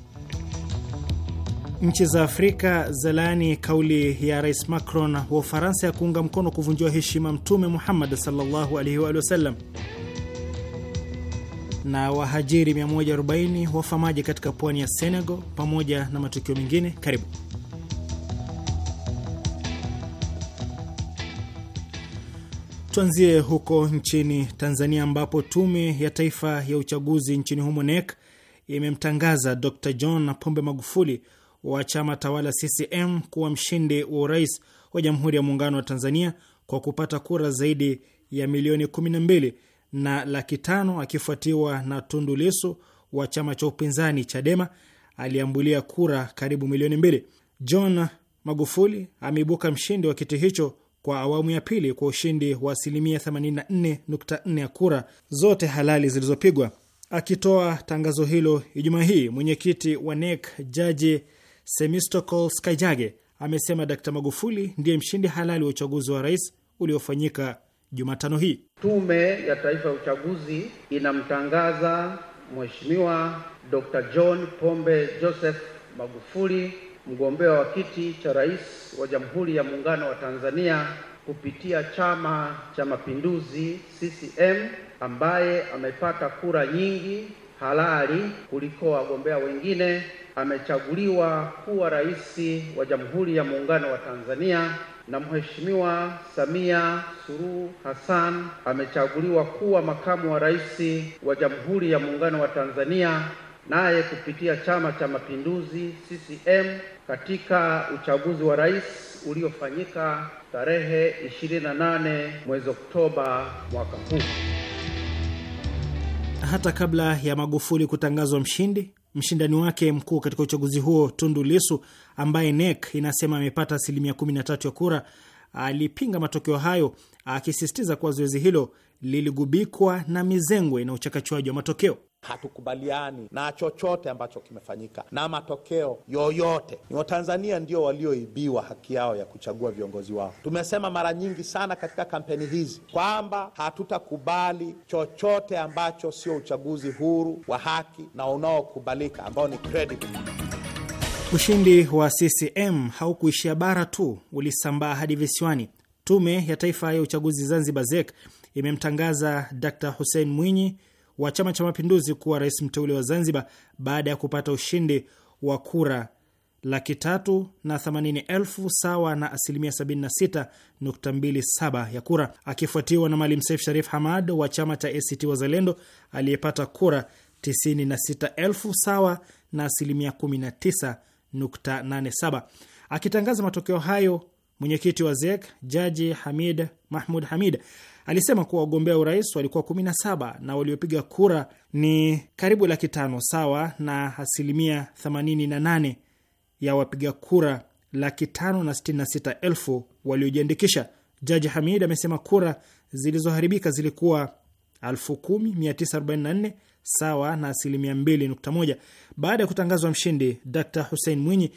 Speaker 2: Nchi za Afrika zalaani kauli ya Rais Macron wa Ufaransa ya kuunga mkono kuvunjiwa heshima Mtume Muhammad sallallahu alaihi wa sallam. Na wahajiri 140 wafa maji katika pwani ya Senegal, pamoja na matukio mengine. Karibu. Tuanzie huko nchini Tanzania, ambapo Tume ya Taifa ya Uchaguzi nchini humo NEC imemtangaza Dr John Pombe Magufuli wa chama tawala CCM kuwa mshindi wa urais wa Jamhuri ya Muungano wa Tanzania kwa kupata kura zaidi ya milioni 12 na laki tano, akifuatiwa na Tundu Lisu wa chama cha upinzani Chadema aliambulia kura karibu milioni mbili. John Magufuli ameibuka mshindi wa kiti hicho kwa awamu ya pili kwa ushindi wa asilimia 84.4 ya kura zote halali zilizopigwa. Akitoa tangazo hilo Ijumaa hii, mwenyekiti wa NEC Jaji Semistocles Kaijage amesema Dkt Magufuli ndiye mshindi halali wa uchaguzi wa rais uliofanyika Jumatano hii.
Speaker 4: Tume ya Taifa ya Uchaguzi
Speaker 1: inamtangaza Mheshimiwa dr John Pombe Joseph Magufuli mgombea wa kiti cha rais wa Jamhuri ya Muungano wa Tanzania kupitia Chama cha Mapinduzi CCM ambaye amepata kura nyingi halali kuliko wagombea wengine amechaguliwa kuwa rais wa Jamhuri ya Muungano wa Tanzania na Mheshimiwa Samia Suluhu Hassan amechaguliwa kuwa makamu wa rais wa Jamhuri ya Muungano wa Tanzania naye kupitia Chama cha Mapinduzi
Speaker 2: CCM katika uchaguzi wa rais uliofanyika tarehe 28 mwezi Oktoba mwaka huu. Hata kabla ya Magufuli kutangazwa mshindi, mshindani wake mkuu katika uchaguzi huo Tundu Lisu, ambaye NEC inasema amepata asilimia 13 ya kura, alipinga matokeo hayo, akisisitiza kuwa zoezi hilo liligubikwa na mizengwe na uchakachuaji wa matokeo hatukubaliani na chochote ambacho kimefanyika na matokeo yoyote. Ni Watanzania ndio walioibiwa haki yao ya kuchagua viongozi wao. Tumesema mara nyingi sana katika kampeni hizi kwamba hatutakubali chochote ambacho sio uchaguzi huru wa haki na unaokubalika ambao ni credible. Ushindi wa CCM haukuishia bara tu, ulisambaa hadi visiwani. Tume ya Taifa ya Uchaguzi Zanzibar ZEK, imemtangaza Dr. Hussein Mwinyi wa Chama cha Mapinduzi kuwa rais mteule wa Zanzibar baada ya kupata ushindi wa kura laki tatu na themanini elfu sawa na asilimia 76.27 ya kura, akifuatiwa na Maalim Seif Sharif Hamad wa chama cha ACT Wazalendo aliyepata kura 96 elfu sawa na asilimia 19.87. Akitangaza matokeo hayo, mwenyekiti wa ZEK Jaji Hamid Mahmud Hamid Alisema kuwa wagombea urais walikuwa 17 na waliopiga kura ni karibu laki tano sawa na asilimia 88 ya wapiga kura laki tano na sitini na sita elfu waliojiandikisha. Jaji Hamid amesema kura zilizoharibika zilikuwa 10944 sawa na asilimia 2.1. Baada ya kutangazwa mshindi, Dr Hussein Mwinyi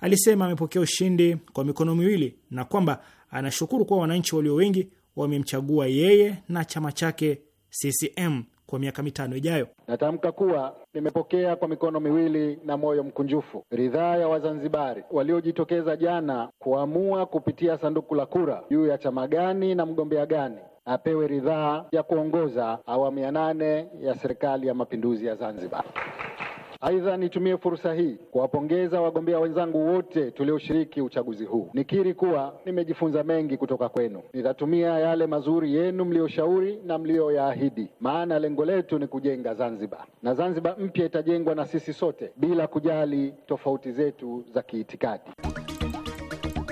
Speaker 2: alisema amepokea ushindi kwa mikono miwili na kwamba anashukuru kuwa wananchi walio wengi wamemchagua yeye na chama chake CCM kwa miaka mitano ijayo. Natamka kuwa nimepokea kwa mikono miwili na moyo mkunjufu ridhaa ya Wazanzibari waliojitokeza jana kuamua kupitia sanduku la kura juu ya chama gani na mgombea gani apewe ridhaa ya kuongoza awamu ya nane ya Serikali ya Mapinduzi ya Zanzibar. Aidha, nitumie fursa hii kuwapongeza wagombea wenzangu wote tulioshiriki uchaguzi huu. Nikiri kuwa nimejifunza mengi kutoka kwenu. Nitatumia yale mazuri yenu mliyoshauri na mliyoyaahidi, maana lengo letu ni kujenga Zanzibar, na Zanzibar mpya itajengwa na sisi sote bila kujali tofauti zetu za kiitikadi.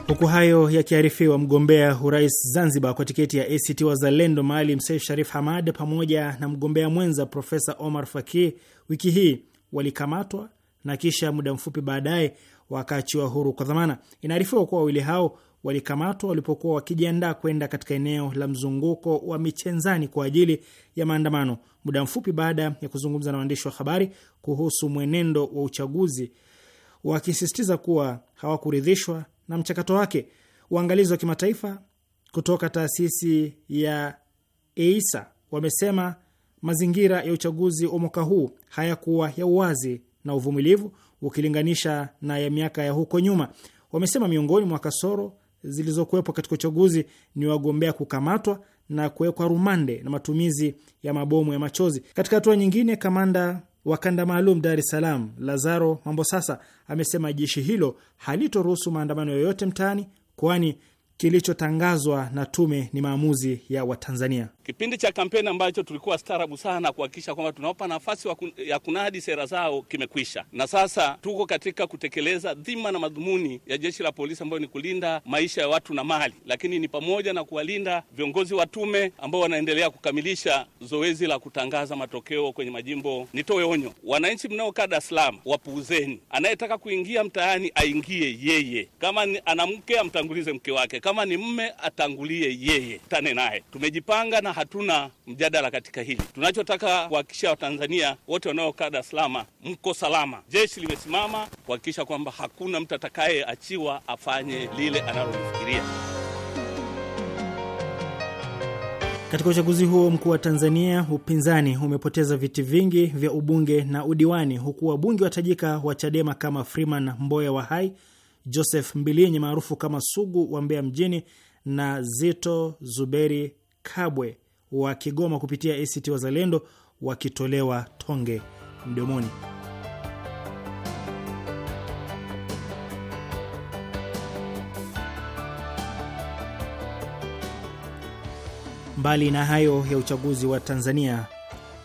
Speaker 2: Huku hayo yakiarifiwa, mgombea urais Zanzibar kwa tiketi ya ACT Wazalendo Maalim Seif Sharif Hamad pamoja na mgombea mwenza Profesa Omar fakir wiki hii walikamatwa na kisha muda mfupi baadaye wakaachiwa huru kwa dhamana. Inaarifiwa kuwa wawili hao walikamatwa walipokuwa wakijiandaa kwenda katika eneo la mzunguko wa Michenzani kwa ajili ya maandamano. Muda mfupi baada ya kuzungumza na waandishi wa habari kuhusu mwenendo wa uchaguzi, wakisisitiza kuwa hawakuridhishwa na mchakato wake. Uangalizi wa kimataifa kutoka taasisi ya EISA wamesema mazingira ya uchaguzi wa mwaka huu hayakuwa ya uwazi na uvumilivu ukilinganisha na ya miaka ya huko nyuma. Wamesema miongoni mwa kasoro zilizokuwepo katika uchaguzi ni wagombea kukamatwa na kuwekwa rumande na matumizi ya mabomu ya machozi. Katika hatua nyingine, kamanda wa kanda maalum Dar es Salaam Lazaro Mambosasa amesema jeshi hilo halitoruhusu maandamano yoyote mtaani, kwani kilichotangazwa na tume ni maamuzi ya Watanzania. Kipindi cha kampeni ambacho tulikuwa starabu sana kuhakikisha
Speaker 6: kwamba tunawapa nafasi ya kunadi sera zao kimekwisha, na sasa tuko katika kutekeleza
Speaker 2: dhima na madhumuni ya jeshi la polisi ambayo ni kulinda maisha ya watu na mali, lakini ni pamoja na kuwalinda viongozi wa tume ambao wanaendelea kukamilisha zoezi la kutangaza matokeo kwenye majimbo. Nitoe onyo, wananchi mnaokaa Dar es Salaam, wapuuzeni. Anayetaka kuingia mtaani aingie yeye, kama ana mke amtangulize mke wake kama ni mme atangulie yeye, tane naye. Tumejipanga na hatuna mjadala katika hili. Tunachotaka kuhakikisha Watanzania wote wanaokaa Dar es Salaam mko salama. Jeshi limesimama kuhakikisha kwamba hakuna mtu atakayeachiwa afanye lile analolifikiria. Katika uchaguzi huo mkuu wa Tanzania, upinzani umepoteza viti vingi vya ubunge na udiwani, huku wabunge watajika wa Chadema kama Freeman Mboya wa Hai Joseph Mbilinyi maarufu kama Sugu wa Mbeya mjini na Zito Zuberi Kabwe wa Kigoma kupitia ACT Wazalendo wakitolewa tonge mdomoni. Mbali na hayo ya uchaguzi wa Tanzania,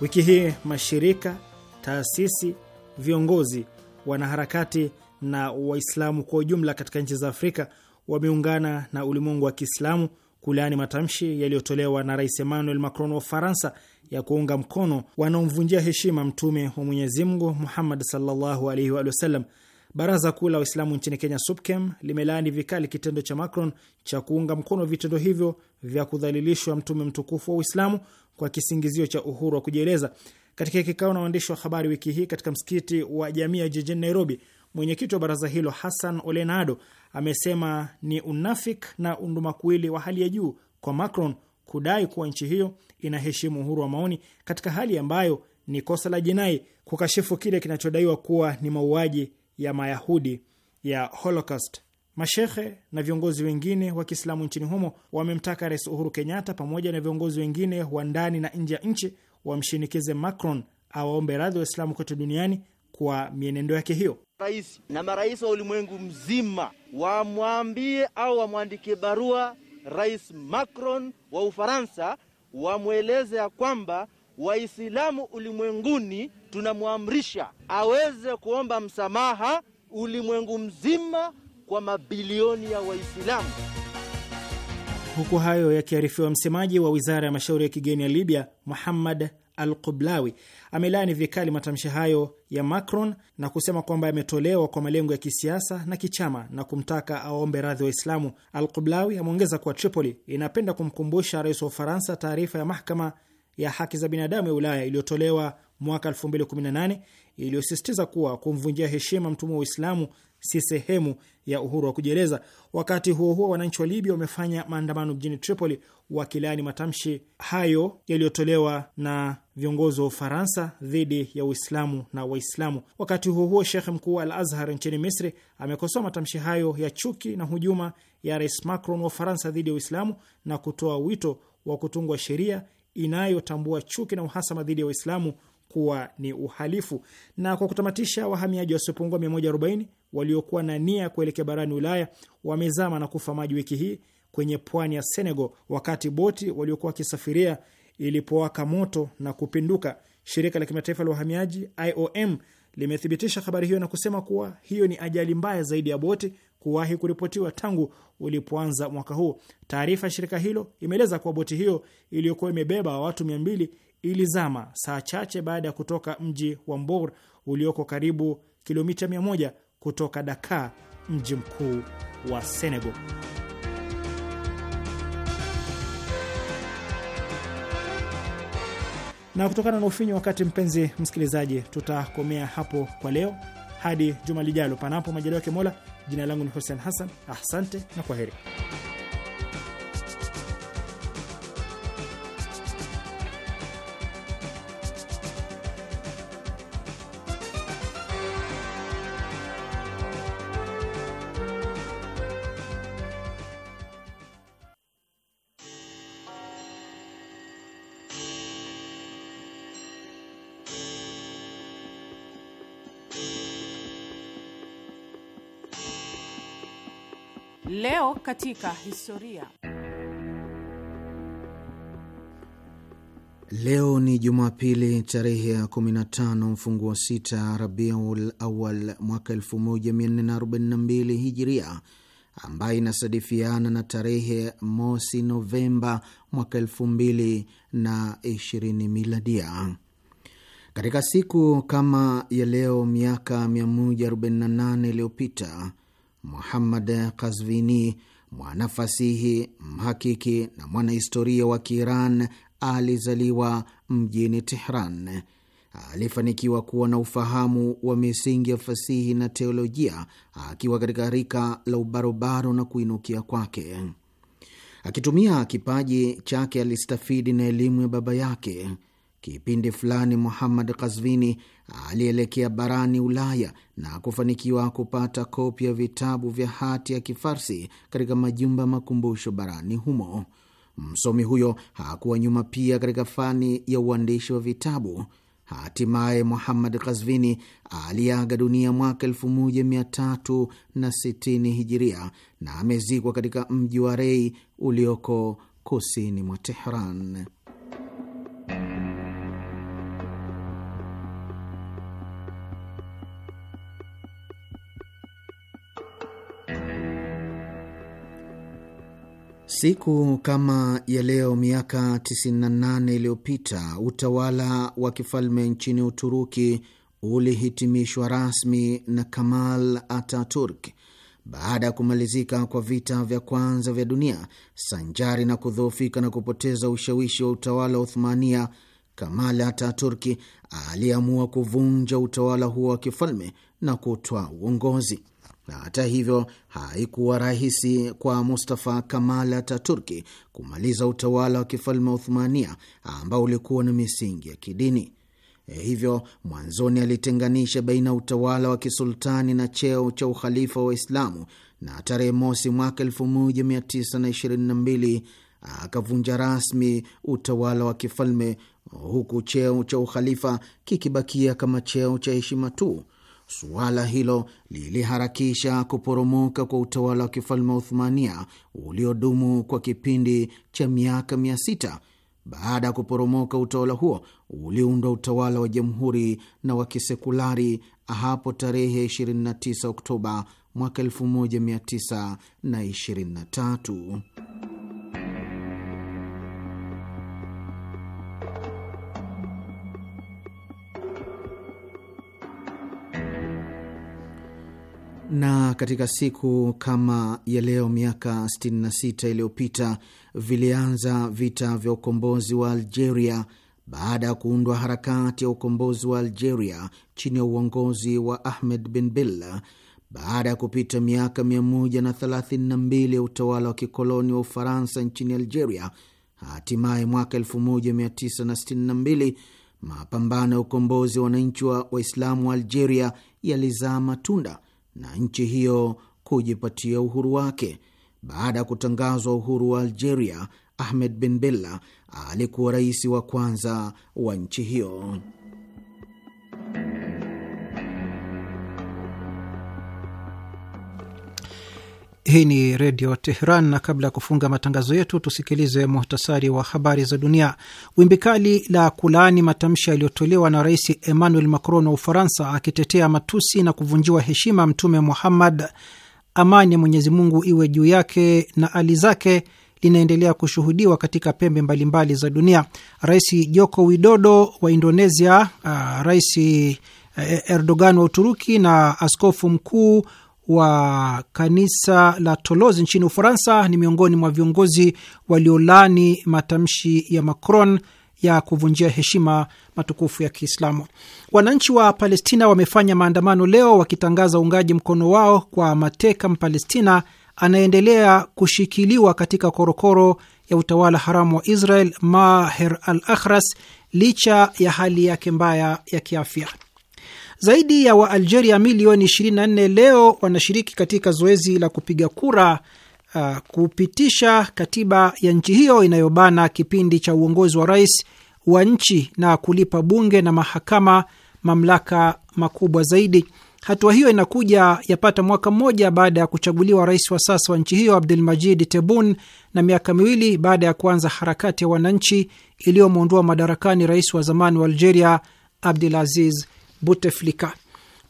Speaker 2: wiki hii mashirika, taasisi, viongozi, wanaharakati na Waislamu kwa ujumla katika nchi za Afrika wameungana na ulimwengu wa Kiislamu kulaani matamshi yaliyotolewa na Rais Emmanuel Macron wa Ufaransa ya kuunga mkono wanaomvunjia heshima Mtume wa Mwenyezi Mungu Muhammad sallallahu alaihi wa sallam. Baraza Kuu la Waislamu nchini Kenya, SUPKEM, limelaani vikali kitendo cha Macron cha kuunga mkono vitendo hivyo vya kudhalilishwa mtume mtukufu wa Uislamu kwa kisingizio cha uhuru wa kujieleza. Katika kikao na waandishi wa habari wiki hii katika msikiti wa Jamia jijini Nairobi, Mwenyekiti wa baraza hilo Hassan Olenado amesema ni unafik na undumakuwili wa hali ya juu kwa Macron kudai kuwa nchi hiyo inaheshimu uhuru wa maoni katika hali ambayo ni kosa la jinai kukashifu kile kinachodaiwa kuwa ni mauaji ya Mayahudi ya Holocaust. Mashehe na viongozi wengine wa Kiislamu nchini humo wamemtaka Rais Uhuru Kenyatta pamoja na viongozi wengine wa ndani na nje ya nchi wamshinikize Macron awaombe radhi Waislamu kote duniani kwa mienendo yake hiyo
Speaker 4: rais na marais wa ulimwengu mzima wamwambie au wamwandikie barua Rais Macron wa Ufaransa, wamweleze ya kwamba Waislamu ulimwenguni tunamwamrisha aweze kuomba msamaha ulimwengu
Speaker 2: mzima kwa mabilioni ya Waislamu. Huku hayo yakiarifiwa, msemaji wa wizara ya mashauri ya kigeni ya Libya Muhammad Al-Qublawi amelaani vikali matamshi hayo ya Macron na kusema kwamba yametolewa kwa malengo ya kisiasa na kichama na kumtaka aombe radhi Waislamu. Al-Qublawi ameongeza kuwa Tripoli inapenda kumkumbusha rais wa Ufaransa taarifa ya mahakama ya haki za binadamu ya Ulaya iliyotolewa mwaka 2018 iliyosisitiza kuwa kumvunjia heshima mtumwa wa Uislamu si sehemu ya uhuru wa kujieleza. Wakati huo huo, wananchi wa Libya wamefanya maandamano mjini Tripoli wakilaani matamshi hayo yaliyotolewa na viongozi wa Ufaransa dhidi ya Uislamu na Waislamu. Wakati huo huo, Shekh mkuu Al Azhar nchini Misri amekosoa matamshi hayo ya chuki na hujuma ya Rais Macron wa Ufaransa dhidi ya Uislamu na kutoa wito wa kutungwa sheria inayotambua chuki na uhasama dhidi ya Waislamu kuwa ni uhalifu. Na kwa kutamatisha, wahamiaji wasiopungua 140 waliokuwa na nia ya kuelekea barani Ulaya wamezama na kufa maji wiki hii kwenye pwani ya Senegal wakati boti waliokuwa wakisafiria ilipowaka moto na kupinduka. Shirika la kimataifa la uhamiaji IOM limethibitisha habari hiyo na kusema kuwa hiyo ni ajali mbaya zaidi ya boti kuwahi kuripotiwa tangu ulipoanza mwaka huu. Taarifa ya shirika hilo imeeleza kuwa boti hiyo iliyokuwa imebeba watu mia mbili ilizama saa chache baada ya kutoka mji wa Mbor ulioko karibu kilomita mia moja kutoka Dakar, mji mkuu wa Senegal. Na kutokana na ufinyu wakati, mpenzi msikilizaji, tutakomea hapo kwa leo hadi juma lijalo, panapo majaliwa ya Mola. Jina langu ni Hussein Hassan, asante na kwa heri.
Speaker 3: katika historia.
Speaker 4: Leo ni Jumapili tarehe ya 15 wa sita Rabiul Awal mwaka 1442 Hijiria, ambayo inasadifiana na tarehe mosi Novemba mwaka 2020 Miladia. Katika siku kama ya leo miaka 148 iliyopita Muhammad Kazvini, mwanafasihi, mhakiki na mwanahistoria wa Kiiran, alizaliwa mjini Tehran. Alifanikiwa kuwa na ufahamu wa misingi ya fasihi na teolojia akiwa katika rika la ubarobaro na kuinukia kwake. Akitumia kipaji chake, alistafidi na elimu ya baba yake. Kipindi fulani Muhammad Kazvini alielekea barani Ulaya na kufanikiwa kupata kopi ya vitabu vya hati ya Kifarsi katika majumba ya makumbusho barani humo. Msomi huyo hakuwa nyuma pia katika fani ya uandishi wa vitabu. Hatimaye Muhammad Kazvini aliaga dunia mwaka 1360 Hijiria na amezikwa katika mji wa Rei ulioko kusini mwa Tehran. Siku kama ya leo miaka 98 iliyopita utawala wa kifalme nchini Uturuki ulihitimishwa rasmi na Kamal Ataturk baada ya kumalizika kwa vita vya kwanza vya dunia, sanjari na kudhoofika na kupoteza ushawishi wa utawala wa Uthmania. Kamal Ataturki aliamua kuvunja utawala huo wa kifalme na kutwa uongozi na hata hivyo haikuwa rahisi kwa Mustafa Kamal Ataturki kumaliza utawala wa kifalme wa Uthmania ambao ulikuwa na misingi ya kidini. E, hivyo mwanzoni alitenganisha baina ya utawala wa kisultani na cheo cha ukhalifa wa Waislamu, na tarehe mosi mwaka 1922 akavunja rasmi utawala wa kifalme, huku cheo cha ukhalifa kikibakia kama cheo cha heshima tu Suala hilo liliharakisha kuporomoka kwa utawala wa kifalme wa Uthmania uliodumu kwa kipindi cha miaka mia sita. Baada ya kuporomoka utawala huo, uliundwa utawala wa jamhuri na wa kisekulari hapo tarehe 29 Oktoba mwaka 1923. Na katika siku kama ya leo miaka 66 iliyopita vilianza vita vya ukombozi wa Algeria baada ya kuundwa harakati ya ukombozi wa Algeria chini ya uongozi wa Ahmed bin Bella baada ya kupita miaka 132 ya utawala wa kikoloni wa Ufaransa nchini Algeria. Hatimaye mwaka 1962 mapambano ya ukombozi wa wananchi wa Waislamu wa Algeria yalizaa matunda na nchi hiyo kujipatia uhuru wake. Baada ya kutangazwa uhuru wa Algeria, Ahmed Ben Bella alikuwa rais wa kwanza wa nchi hiyo.
Speaker 1: Hii ni Redio Teheran, na kabla ya kufunga matangazo yetu tusikilize muhtasari wa habari za dunia. Wimbi kali la kulaani matamshi yaliyotolewa na Rais Emmanuel Macron wa Ufaransa akitetea matusi na kuvunjiwa heshima Mtume Muhammad, amani ya Mwenyezi Mungu iwe juu yake na ali zake, linaendelea kushuhudiwa katika pembe mbalimbali za dunia. Rais Joko Widodo wa Indonesia, uh, Rais eh, Erdogan wa Uturuki na askofu mkuu wa kanisa la tolos nchini Ufaransa ni miongoni mwa viongozi waliolani matamshi ya Macron ya kuvunjia heshima matukufu ya Kiislamu. Wananchi wa Palestina wamefanya maandamano leo wakitangaza uungaji mkono wao kwa mateka Mpalestina anayeendelea kushikiliwa katika korokoro ya utawala haramu wa Israel, Maher al-Akhras, licha ya hali yake mbaya ya kiafya. Zaidi ya Waalgeria milioni 24 leo wanashiriki katika zoezi la kupiga kura uh, kupitisha katiba ya nchi hiyo inayobana kipindi cha uongozi wa rais wa nchi na kulipa bunge na mahakama mamlaka makubwa zaidi. Hatua hiyo inakuja yapata mwaka mmoja baada ya kuchaguliwa rais wa sasa wa nchi hiyo abdul majid Tebboune na miaka miwili baada ya kuanza harakati ya wananchi iliyomwondoa madarakani rais wa zamani wa Algeria abdul aziz Buteflika.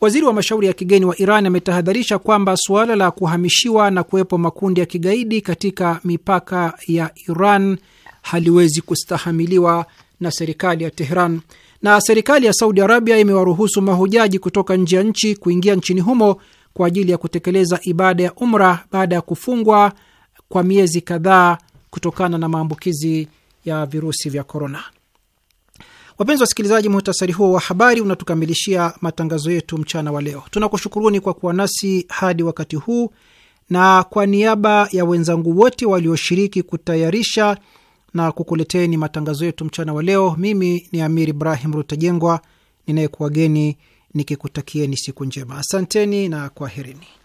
Speaker 1: Waziri wa mashauri ya kigeni wa Iran ametahadharisha kwamba suala la kuhamishiwa na kuwepo makundi ya kigaidi katika mipaka ya Iran haliwezi kustahamiliwa na serikali ya Teheran. Na serikali ya Saudi Arabia imewaruhusu mahujaji kutoka nje ya nchi kuingia nchini humo kwa ajili ya kutekeleza ibada ya umra baada ya kufungwa kwa miezi kadhaa kutokana na maambukizi ya virusi vya korona. Wapenzi wasikilizaji, muhtasari huo wa habari unatukamilishia matangazo yetu mchana wa leo. Tunakushukuruni kwa kuwa nasi hadi wakati huu, na kwa niaba ya wenzangu wote walioshiriki kutayarisha na kukuleteni matangazo yetu mchana wa leo, mimi ni Amir Ibrahim Rutajengwa ninayekuwageni nikikutakieni siku njema. Asanteni na kwaherini.